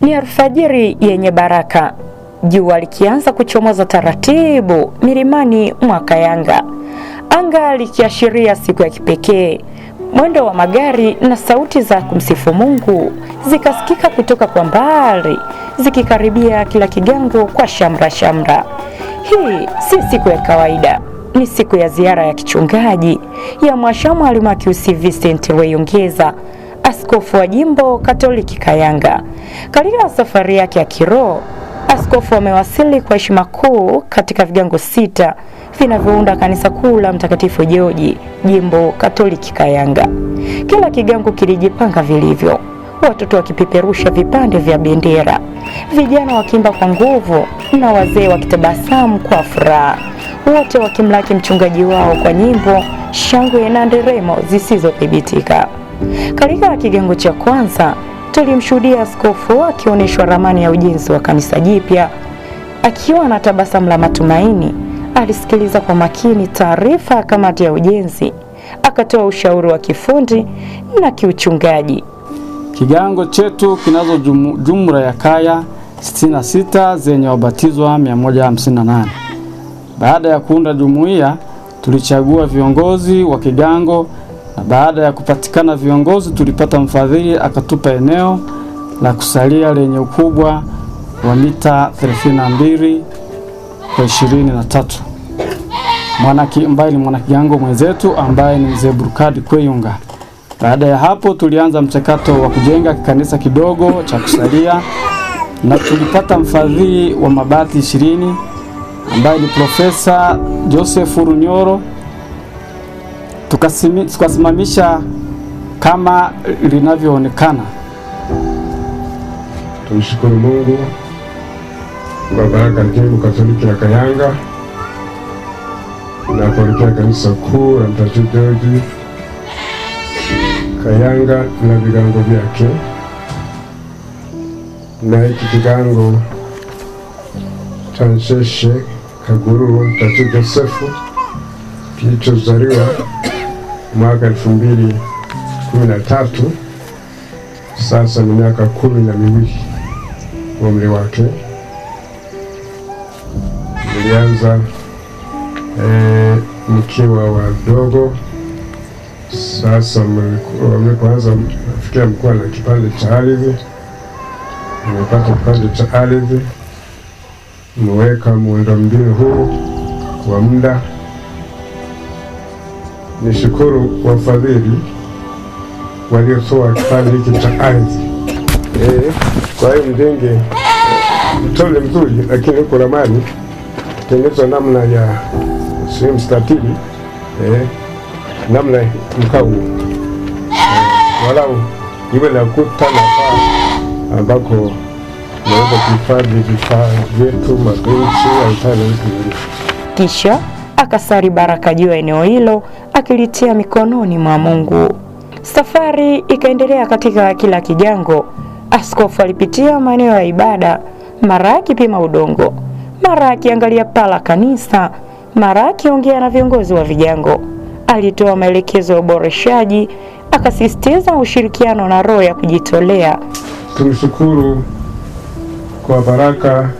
Ni alfajiri yenye baraka, jua likianza kuchomoza taratibu milimani mwa Kayanga, anga likiashiria siku ya kipekee. Mwendo wa magari na sauti za kumsifu Mungu zikasikika kutoka kwa mbali, zikikaribia kila kigango kwa shamra shamra. Hii si siku ya kawaida, ni siku ya ziara ya kichungaji ya Mwashamu Alimaki Usi Vincent Weyongeza askofu wa jimbo Katoliki Kayanga. Katika safari yake ya kiroho, askofu amewasili kwa heshima kuu katika vigango sita vinavyounda kanisa kuu la Mtakatifu joji jimbo Katoliki Kayanga. Kila kigango kilijipanga vilivyo, watoto wakipeperusha vipande vya bendera, vijana wakiimba kwa nguvu na wazee wakitabasamu kwa furaha, wote wakimlaki mchungaji wao kwa nyimbo, shangwe na nderemo zisizothibitika. Katika kigango cha kwanza tulimshuhudia askofu akionyeshwa ramani ya ujenzi wa kanisa jipya. Akiwa na tabasamu la matumaini, alisikiliza kwa makini taarifa ya kamati ya ujenzi, akatoa ushauri wa kifundi na kiuchungaji. Kigango chetu kinazo jumla ya kaya 66 zenye wabatizwa 158. Baada ya kuunda jumuiya, tulichagua viongozi wa kigango baada ya kupatikana viongozi, tulipata mfadhili akatupa eneo la kusalia lenye ukubwa wa mita 32 kwa 23 ambaye ni mwanakigango mwenzetu ambaye ni mzee Burkadi Kweyunga. Baada ya hapo, tulianza mchakato wa kujenga kikanisa kidogo cha kusalia na tulipata mfadhili wa mabati 20 ambaye ni Profesa Joseph Runyoro tukasimamisha kama linavyoonekana. Tumshukuru Mungu kwa Baraka ya Jimbo Katoliki ya Kayanga na parokia Kanisa Kuu la Mtakatifu Kayanga na vigango vyake, na hiki kigango cha Nsheshe Kagururu Mtakatifu kilichozaliwa mwaka elfu mbili kumi na tatu. Sasa ni miaka kumi na miwili umri wake. Nilianza e, eh, mkiwa wadogo. Sasa mlipoanza afikia mkuwa na kipande cha ardhi, amepata kipande cha ardhi, mweka mbinu huu wa muda ni shukuru wafadhili waliotoa kipande hiki cha ardhi eh. kwa hiyo mjenge mtole mzuri, lakini huko ramani tengenezwa namna ya sehemu mstatili eh, namna mkau eh, walau iwe na kuta na paa ambako naweza kuhifadhi vifaa vyetu, mabenchi, au na vitu vingine kisha akasari baraka juu ya eneo hilo akilitia mikononi mwa Mungu. Safari ikaendelea katika kila kijango. Askofu alipitia maeneo ya ibada, mara akipima udongo, mara akiangalia paa la kanisa, mara akiongea na viongozi wa vijango. Alitoa maelekezo ya uboreshaji, akasisitiza ushirikiano na roho ya kujitolea. Tumshukuru kwa baraka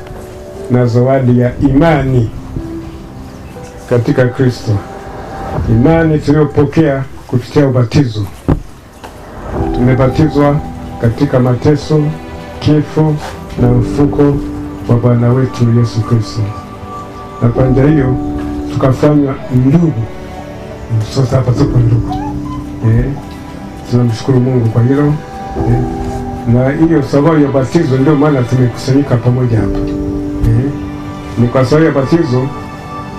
na zawadi ya imani katika Kristo. Imani tuliyopokea kupitia ubatizo, tumebatizwa katika mateso, kifo na mfuko wa Bwana wetu Yesu Kristo, na kwa njia hiyo tukafanywa ndugu. Sasa hapa tuko ndugu eh, tunamshukuru Mungu kwa hilo eh. Na hiyo sababu ya batizo ndio maana tumekusanyika pamoja hapa eh. Ni kwa sababu ya batizo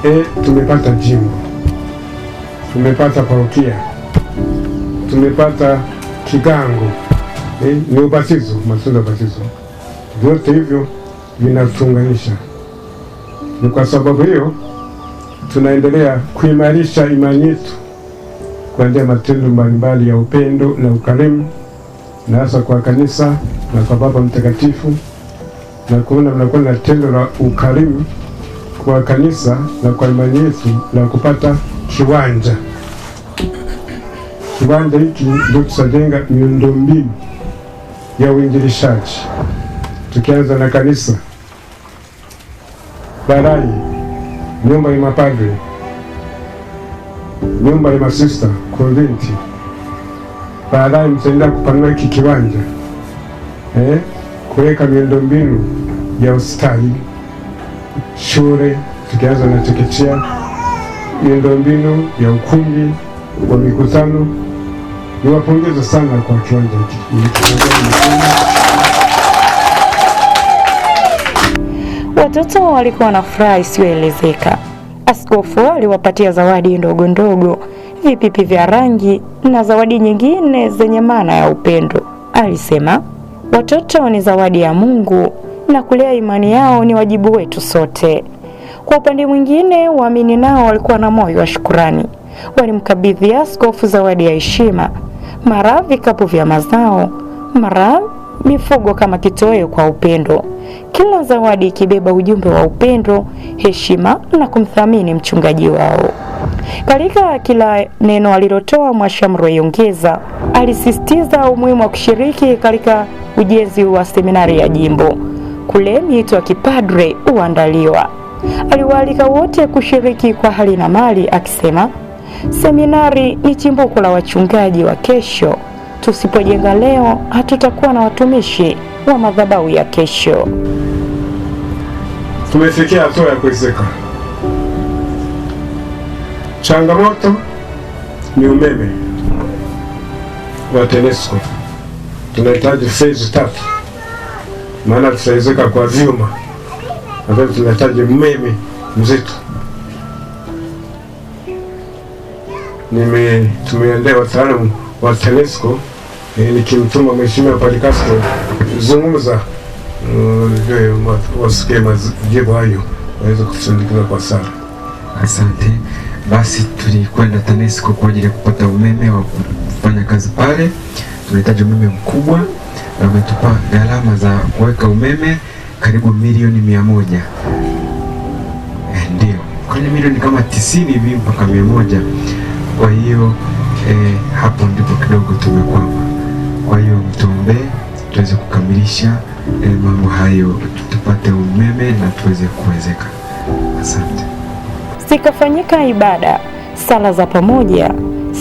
E, tumepata jimbo, tumepata parokia, tumepata kigango e, ni ubatizo, matunda ubatizo, vyote hivyo vinatuunganisha. Ni kwa sababu hiyo tunaendelea kuimarisha imani yetu kwa matendo mbalimbali ya upendo na ukarimu, na hasa kwa kanisa na kwa Baba Mtakatifu, na kuona mnakuwa na tendo la ukarimu kwa kanisa na kwa imani yetu na kupata kiwanja. Kiwanja hiki ndio tutajenga miundombinu ya uinjilishaji, tukianza na kanisa, baadaye nyumba ya mapadre, nyumba ya masista konventi, baadaye mtaenda kupanua hiki kiwanja eh, kuweka miundombinu ya hospitali shule, tukianza na chekechea, miundombinu ya ukumbi wa mikutano. Niwapongeza sana kwa kiwanja watoto walikuwa na furaha isiyoelezeka. Askofu aliwapatia zawadi ndogo ndogo, vipipi vya rangi na zawadi nyingine zenye maana ya upendo. Alisema Watoto ni zawadi ya Mungu na kulea imani yao ni wajibu wetu sote. Kwa upande mwingine, waamini nao walikuwa na moyo wa shukurani. Walimkabidhi askofu zawadi ya heshima, mara vikapu vya mazao, mara mifugo kama kitoweo kwa upendo, kila zawadi ikibeba ujumbe wa upendo, heshima na kumthamini mchungaji wao. Katika kila neno alilotoa, Mwashamro Yongeza alisisitiza umuhimu wa kushiriki katika ujenzi wa seminari ya jimbo. Kule mito ya kipadre huandaliwa. Aliwaalika wote kushiriki kwa hali na mali, akisema seminari ni chimbuko la wachungaji wa kesho. Tusipojenga leo, hatutakuwa na watumishi wa madhabahu ya kesho. Tumefikia hatua ya kuezeka Changamoto ni umeme wa TANESCO tunahitaji saizi tatu, maana tutaezeka kwa vyuma, ambayo tunahitaji mmeme mzito. Nime tumeendea wataalamu wa TANESCO eh, nikimtuma Mheshimiwa Padikasko zungumza wasikie majibu hayo waweze kusindikiza kwa sala. Asante. Basi tulikwenda TANESCO kwa ajili ya kupata umeme wa kufanya kazi pale tunahitaji umeme mkubwa, na umetupa gharama za kuweka umeme karibu milioni mia moja E, ndio kwenye milioni kama tisini hivi mpaka mia moja Kwa hiyo e, hapo ndipo kidogo tumekwama. Kwa hiyo mtuombee tuweze kukamilisha e, mambo hayo, tupate umeme na tuweze kuwezeka. Asante. Zikafanyika ibada, sala za pamoja,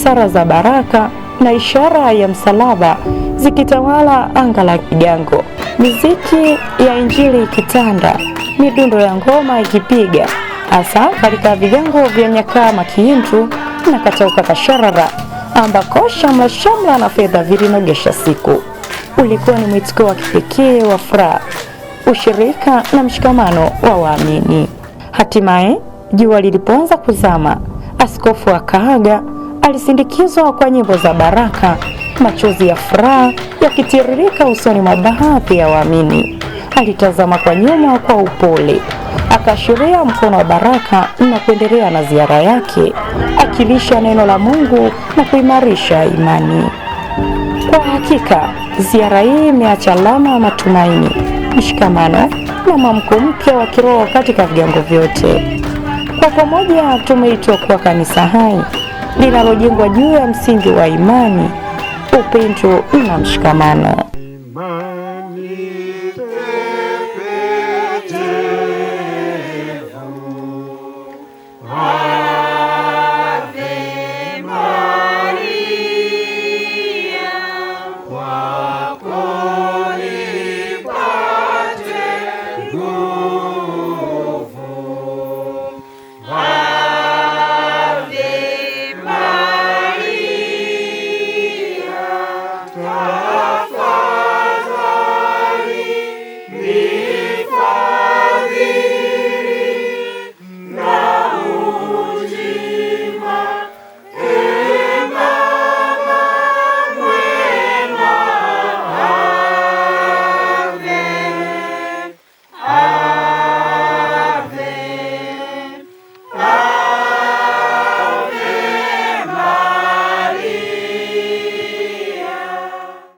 sala za baraka na ishara ya msalaba zikitawala anga la kigango, miziki ya Injili ikitanda, midundo ya ngoma ikipiga, hasa katika vigango vya Nyakaa, makiintu na katauka Kasharara, ambako shamla shamla na fedha vilinogesha siku. Ulikuwa ni mwitiko wa kipekee wa furaha, ushirika na mshikamano wa waamini. Hatimaye jua lilipoanza kuzama, askofu akaaga alisindikizwa kwa nyimbo za baraka, machozi ya furaha yakitiririka usoni mwa baadhi ya waamini. Alitazama kwa nyuma kwa upole, akaashiria mkono wa baraka na kuendelea na ziara yake, akilisha neno la Mungu na kuimarisha imani. Kwa hakika ziara hii imeacha alama ya matumaini, mshikamano na mwamko mpya wa kiroho katika vigango vyote. Kwa pamoja tumeitwa kuwa kanisa hai linalojengwa juu ya msingi wa imani, upendo na mshikamano.